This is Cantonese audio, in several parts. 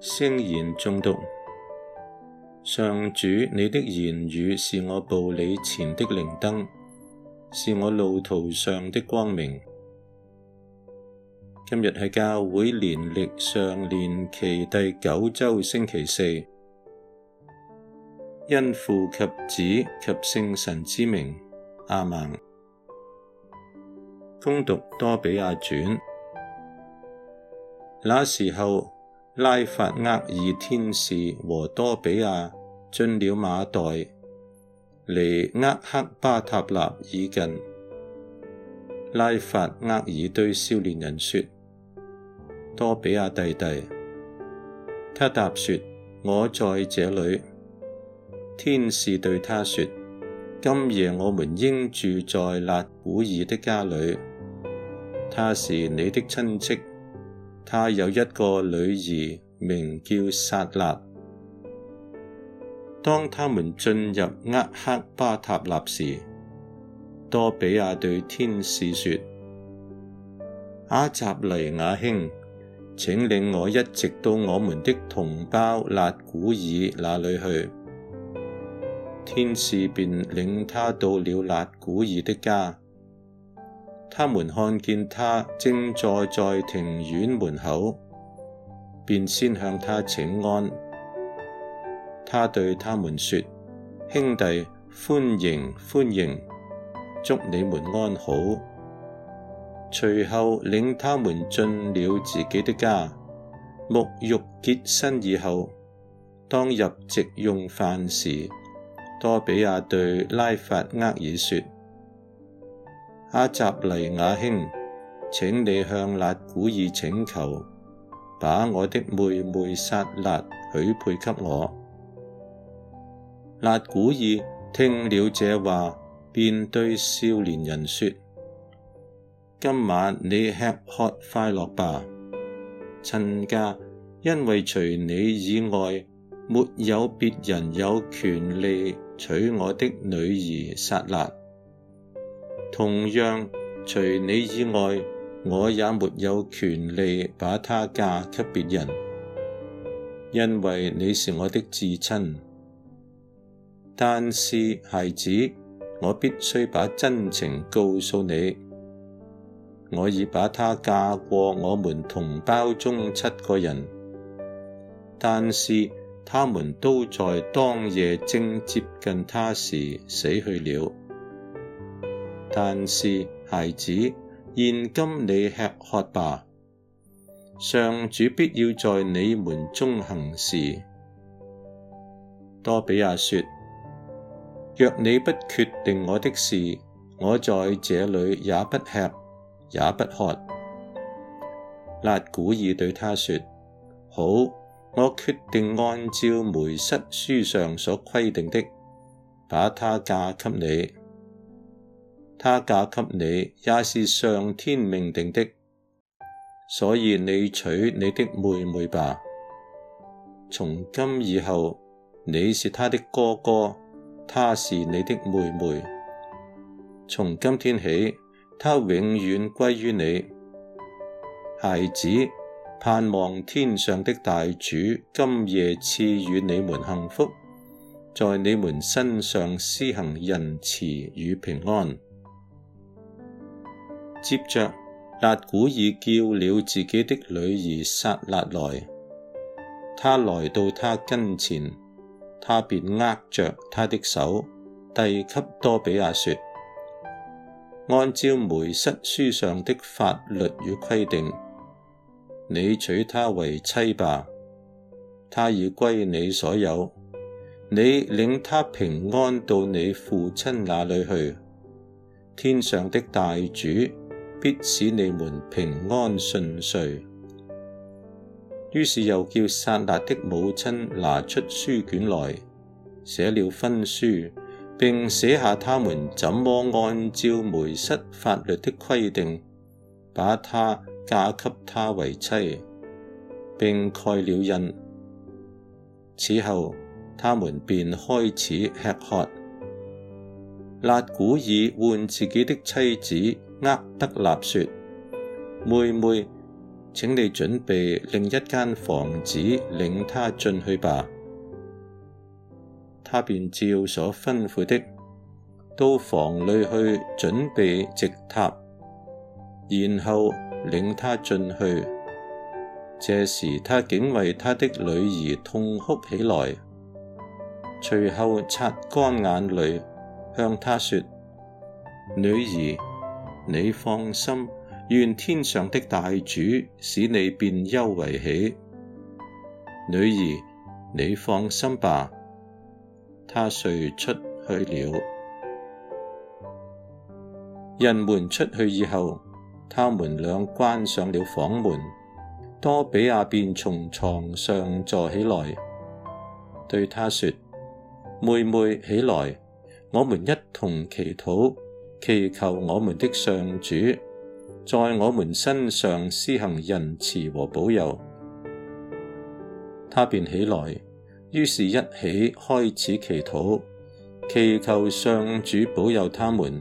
聖言誦讀，上主，你的言語是我步履前的靈燈，是我路途上的光明。今日係教會年曆上常年期第九週星期四，因父及子及聖神之名，亞孟。恭讀多俾亞傳。那時候，拉法厄爾天使和多俾亞進了瑪待，離厄克巴塔納已近。拉法厄爾對少年人說。多俾亞弟弟，他答說：我在這裏。天使對他說：今夜我們應住在辣古耳的家裏，他是你的親戚，他有一個女兒名叫撒辣。當他們進入厄克巴塔納時，多俾亞對天使說：阿匝黎雅兄。請領我一直到我們的同胞辣古耳那裏去。天使便領他到了辣古耳的家。他們看見他正坐在庭院門口，便先向他請安。他對他們說：兄弟，歡迎歡迎，祝你們安好。隨後領他們進了自己的家。沐浴潔身以後，當入席用飯時，多俾亞對拉法厄爾說：阿匝黎雅兄，請你向辣古耳請求，把我的妹妹撒辣許配給我。辣古耳聽了這話，便對少年人說。今晚你吃喝快樂吧，親家。因為除你以外，沒有別人有權利娶我的女兒撒辣。同樣，除你以外，我也沒有權利把她嫁給別人，因為你是我的至親。但是，孩子，我必須把真情告訴你。我已把她嫁過我們同胞中七個人，但是，他們都在當夜正接近她時死去了。但是，孩子，現今你吃喝吧，上主必要在你們中行事。多俾亞說：若你不決定我的事，我在這裏也不吃。也不喝。辣古耳對他說：好，我決定按照梅瑟書上所規定的，把她嫁給你。她嫁給你也是上天命定的，所以你娶你的妹妹吧。從今以後，你是她的哥哥，她是你的妹妹。從今天起。他永遠歸於你，孩子。盼望天上的大主今夜賜與你們幸福，在你們身上施行仁慈與平安。接著，辣古耳叫了自己的女兒撒辣來，他來到他跟前，他便握著她的手，遞給多俾亞說。按照梅瑟書上的法律與規定，你娶她為妻吧，她已歸你所有。你領她平安到你父親那裏去，天上的大主必使你們平安順遂。於是又叫撒辣的母親拿出書卷來，寫了婚書。並寫下他們怎麼按照梅瑟法律的規定，把她嫁給他為妻，並蓋了印。此後，他們便開始吃喝。辣古耳喚自己的妻子厄得納說：妹妹，請你準備另一間房子，領她進去吧。他便照所吩咐的到房裏去準備蓆榻，然後領她進去。這時他竟為他的女兒痛哭起來，隨後擦乾眼淚向，向她說：女兒，你放心，願天上的大主使你變憂為喜。女兒，你放心吧。他遂出去了。人們出去以後，他們倆關上了房門。多俾亞便從牀上坐起來，對他說：妹妹起來，我們一同祈禱，祈求我們的上主在我們身上施行仁慈和保佑。他便起來。於是，一起開始祈禱，祈求上主保佑他們。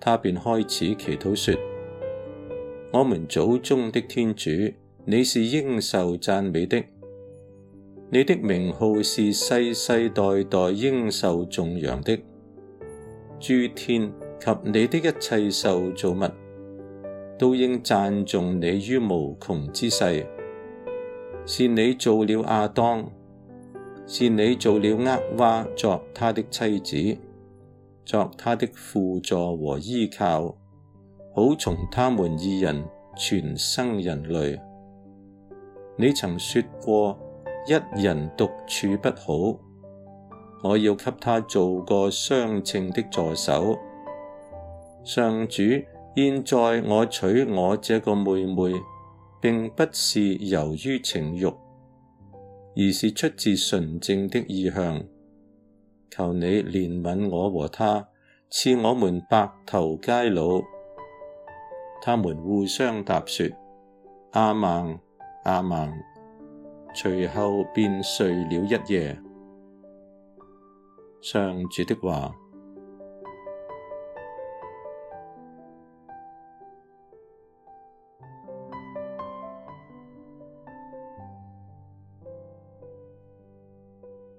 他便開始祈禱說：我們祖宗的天主，你是應受讚美的，你的名號是世世代代應受頌揚的，諸天及你的一切受造物，都應讚頌你於無窮之世，是你做了亞當。是你做了厄娃，作他的妻子，作他的輔助和依靠，好從他們二人傳生人類。你曾說過，一人獨處不好，我要給他做個相稱的助手。上主，現在我娶我這個妹妹，並不是由於情欲。而是出自純正的意向，求你憐憫我和他，賜我們白頭偕老。他們互相答說：阿孟，阿孟，隨後便睡了一夜。上主的話。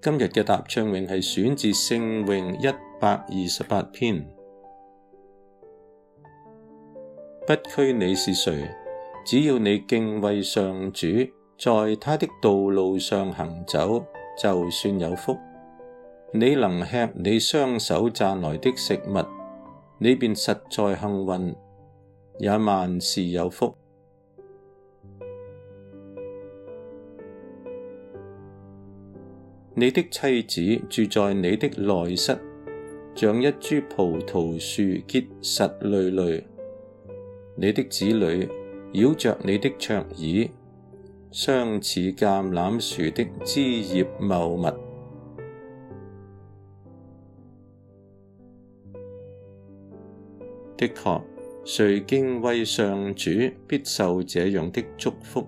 今日嘅答唱詠係選自聖詠一百二十八篇， 不拘你是誰，只要你敬畏上主，在他的道路上行走，就算有福。你能吃你雙手賺來的食物，你便實在幸運，也萬事有福。你的妻子住在你的內室，像一株葡萄樹結實累累；你的子女繞着你的桌椅，相似橄欖樹的枝葉茂密。的確，誰敬畏上主，必受這樣的祝福。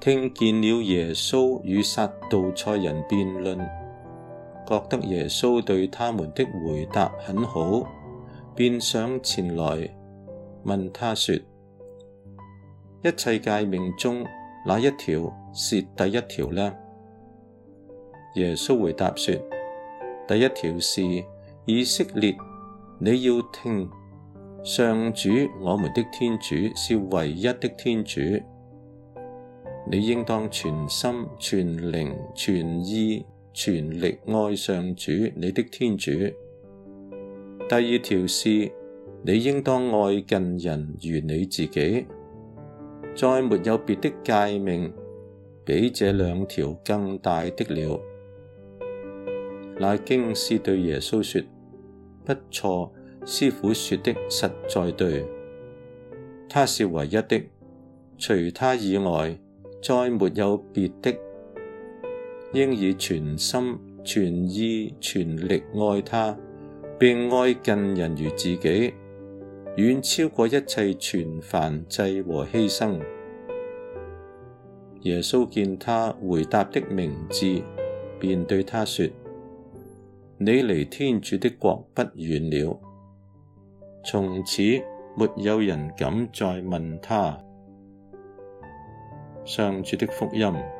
聽見了耶穌與撒杜塞人辯論，覺得耶穌對他們的回答很好，便上前來問他說：一切誡命中哪一條是第一條呢？耶穌回答說：第一條是以色列，你要聽上主我們的天主是唯一的天主。你應當全心、全靈、全意、全力愛上主你的天主。第二條是，你應當愛近人如你自己。再沒有別的誡命比這兩條更大的了。那經師對耶穌說：不錯，師傅說的實在對，他是唯一的，除他以外，再沒有別的，應以全心、全意、全力愛他，並愛近人如自己，遠超過一切全燔祭和犧牲。耶穌見他回答的明智，便對他說：你離天主的國不遠了。從此沒有人敢再問他。上主的福音。So,